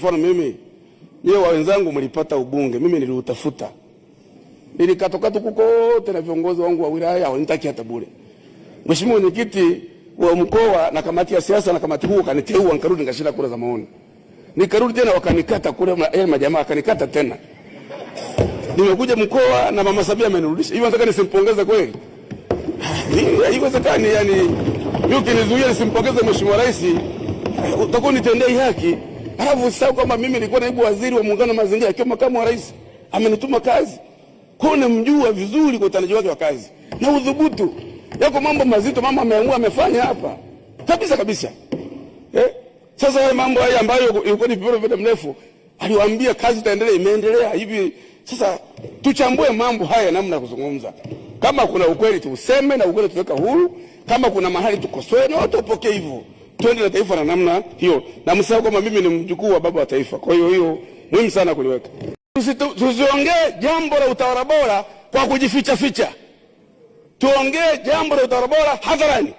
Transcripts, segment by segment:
mfano mimi nyie wenzangu mlipata ubunge, mimi niliutafuta, nilikatoka tu kuko wote na viongozi wangu wa wilaya hawanitaki hata bure. Mheshimiwa mwenyekiti wa mkoa na kamati ya siasa na kamati huu kaniteua, nikarudi nikashinda kura za maoni, nikarudi tena wakanikata kule, eh, majamaa akanikata tena. Nimekuja mkoa na mama Samia amenirudisha Hivyo nataka nisimpongeze kweli? Ah, haiwezekani. Yani mimi ukinizuia nisimpongeze mheshimiwa rais, utakuwa unitendei haki. Alafu usisahau kwamba mimi nilikuwa naibu waziri wa muungano wa mazingira akiwa makamu wa rais, amenituma kazi kwao, namjua vizuri kwa utendaji wake wa kazi na udhubutu. Yako mambo mazito mama ameamua amefanya hapa kabisa kabisa, eh? Sasa haya mambo haya ambayo ilikuwa ni viporo vya mrefu, aliwaambia kazi itaendelea, imeendelea hivi sasa. Tuchambue mambo haya namna ya kuzungumza, kama kuna ukweli tuuseme na ukweli tuweka huru, kama kuna mahali tukosoe na watu wapokee hivyo twende na taifa na namna hiyo, na msahau kwamba mimi ni mjukuu wa baba wa taifa. Kwa hiyo hiyo muhimu sana kuliweka. Tusiongee jambo la utawala bora kwa kujificha ficha, tuongee jambo la utawala bora hadharani.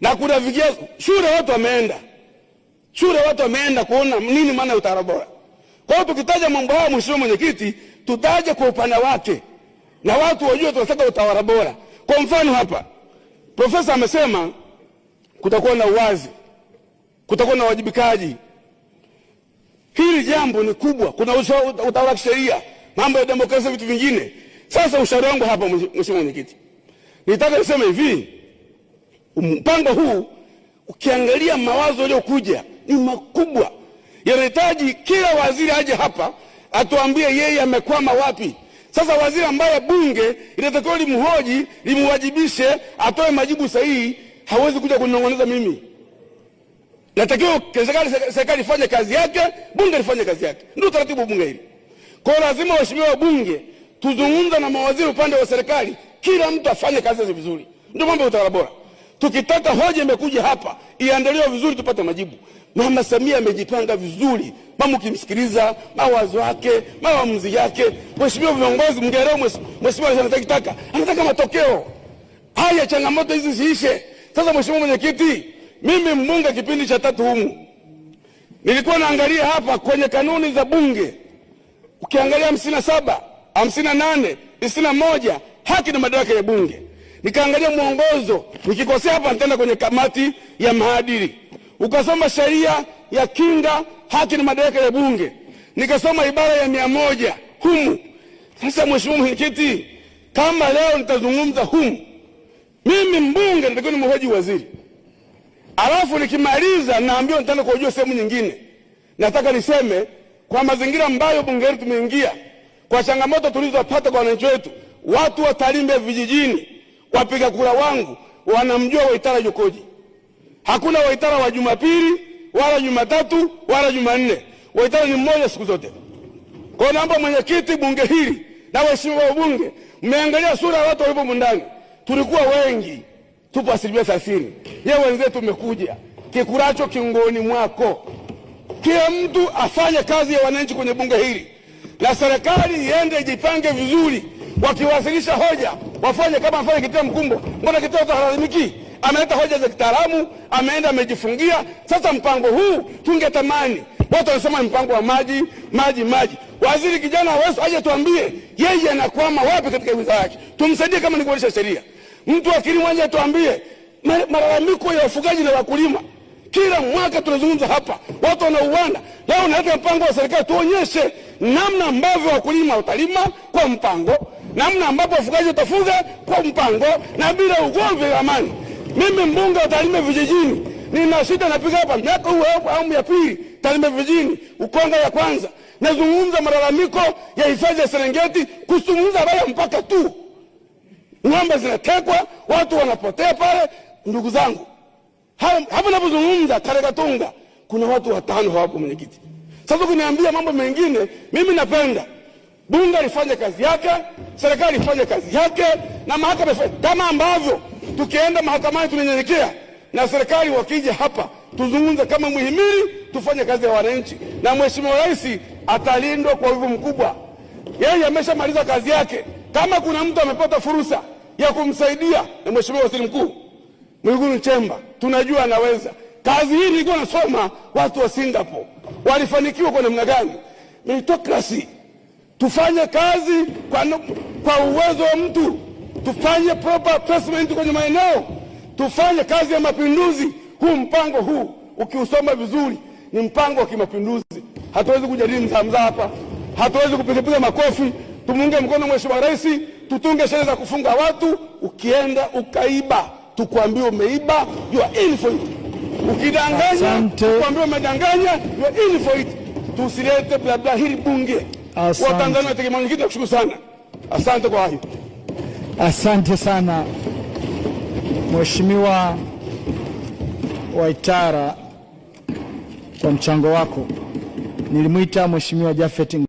Na kuna vigezo shule, watu wameenda shule, watu wameenda kuona nini maana ya utawala bora. Kwa hiyo tukitaja mambo haya, mheshimiwa mwenyekiti, tutaje kwa upana wake na watu wajue tunataka utawala bora. Kwa mfano hapa profesa amesema kutakuwa na uwazi kutakuwa na wajibikaji. Hili jambo ni kubwa, kuna utawala wa kisheria, mambo ya demokrasia, vitu vingine. Sasa ushauri wangu hapa, mheshimiwa mwenyekiti, nitaka niseme hivi, mpango huu ukiangalia mawazo yaliyokuja ni makubwa, yanahitaji kila waziri aje hapa atuambie yeye amekwama wapi. Sasa waziri ambaye bunge inatakiwa limhoji, limwajibishe, atoe majibu sahihi, hawezi kuja kunong'oneza mimi natakiwa serikali serikali ifanye kazi yake, bunge lifanye kazi yake. Ndio taratibu bunge hili. Kwa hiyo lazima waheshimiwa wabunge tuzungumza na mawaziri upande wa serikali, kila mtu afanye kazi yake vizuri. Ndio mambo ya utawala bora. Tukitaka hoja imekuja hapa iandaliwe vizuri, tupate majibu. Mama Samia amejipanga vizuri, mama, ukimsikiliza mawazo yake, maamuzi yake. Mheshimiwa viongozi, mngeelewa mheshimiwa anataka anataka matokeo haya, changamoto hizi ziishe. Sasa mheshimiwa mwenyekiti mimi mbunge kipindi cha tatu humu nilikuwa naangalia hapa kwenye kanuni za bunge, ukiangalia hamsini na saba hamsini na nane tisini na moja haki na madaraka ya bunge, nikaangalia mwongozo, nikikosea hapa nitaenda kwenye kamati ya maadili, ukasoma sheria ya kinga haki na madaraka ya bunge, nikasoma ibara ya mia moja humu. Sasa mheshimiwa mwenyekiti, kama leo nitazungumza humu, mimi mbunge nitakiwa ni nimhoji waziri Alafu nikimaliza naambiwa nitaenda kuwajua sehemu nyingine. Nataka niseme kwa mazingira ambayo bunge letu tumeingia, kwa changamoto tulizopata kwa wananchi wetu, watu wa Tarime vijijini, wapiga kura wangu wanamjua Waitara Jokoji. Hakuna Waitara wa Jumapili wala Jumatatu wala Jumanne. Waitara ni mmoja siku zote. Kwa naomba mwenyekiti, bunge hili na waheshimiwa wa bunge, mmeangalia sura ya watu walipo ndani, tulikuwa wengi tupo asilimia thelathini. Ye wenzetu, umekuja kikuracho kingoni mwako. Kila mtu afanye kazi ya wananchi kwenye bunge hili, na serikali iende ijipange vizuri. Wakiwasilisha hoja wafanye kama afanye Kitea Mkumbo. Mbona Kitea halalamiki? Ameleta hoja za kitaalamu, ameenda amejifungia. Sasa mpango huu tungetamani watu wanasema mpango wa maji maji maji. Waziri kijana wesu aje tuambie yeye anakwama wapi katika wizara yake, tumsaidie kama ni kuonesha sheria. Mtu akili mwanje atuambie malalamiko ya wafugaji na wakulima. Kila mwaka tunazungumza hapa, watu wanauana. Leo unaleta mpango wa serikali, tuonyeshe namna ambavyo wakulima watalima kwa mpango, namna ambapo wafugaji watafuga kwa mpango na bila ugomvi wa amani. Mimi mbunge wa vijijini nina shida, napiga hapa miaka huu awamu ya pili, talima vijijini, Ukonga ya kwanza, nazungumza malalamiko ya hifadhi ya Serengeti, kuzungumza habari mpaka tu ng'ombe zinatekwa, watu wanapotea pale. Ndugu zangu, hapo napozungumza Karekatunga kuna watu watano hawapo mwenyekiti. Sasa kuniambia mambo mengine, mimi napenda bunge lifanye kazi yake, serikali ifanye kazi yake, na mahakama ifanye kama ambavyo tukienda mahakamani tunanyenyekea, na serikali wakija hapa tuzungumze kama muhimili, tufanye kazi ya wananchi, na mheshimiwa rais atalindwa kwa wivu mkubwa. Yeye ameshamaliza kazi yake. Kama kuna mtu amepata fursa ya kumsaidia na Mheshimiwa Waziri Mkuu Mwigulu Nchemba, tunajua anaweza. Kazi hii nilikuwa nasoma watu wa Singapore walifanikiwa kwa namna gani? Meritocracy, tufanye kazi kwa, kwa uwezo wa mtu, tufanye proper placement kwenye maeneo, tufanye kazi ya mapinduzi. Huu mpango huu ukiusoma vizuri ni mpango wa kimapinduzi. Hatuwezi kujadili mzaamzaa hapa, hatuwezi kupigapiga makofi. Tumuunge mkono Mheshimiwa Rais tutunge sheria za kufunga watu. Ukienda ukaiba, tukwambie umeiba, you are in for it. Ukidanganya, tukwambie umedanganya, you are in for it. Tusilete bla bla hili bunge. Watanzania wategemea nyingine. Nakushukuru sana, asante kwa hayo. Asante sana Mheshimiwa Waitara kwa mchango wako. Nilimwita Mheshimiwa Jafet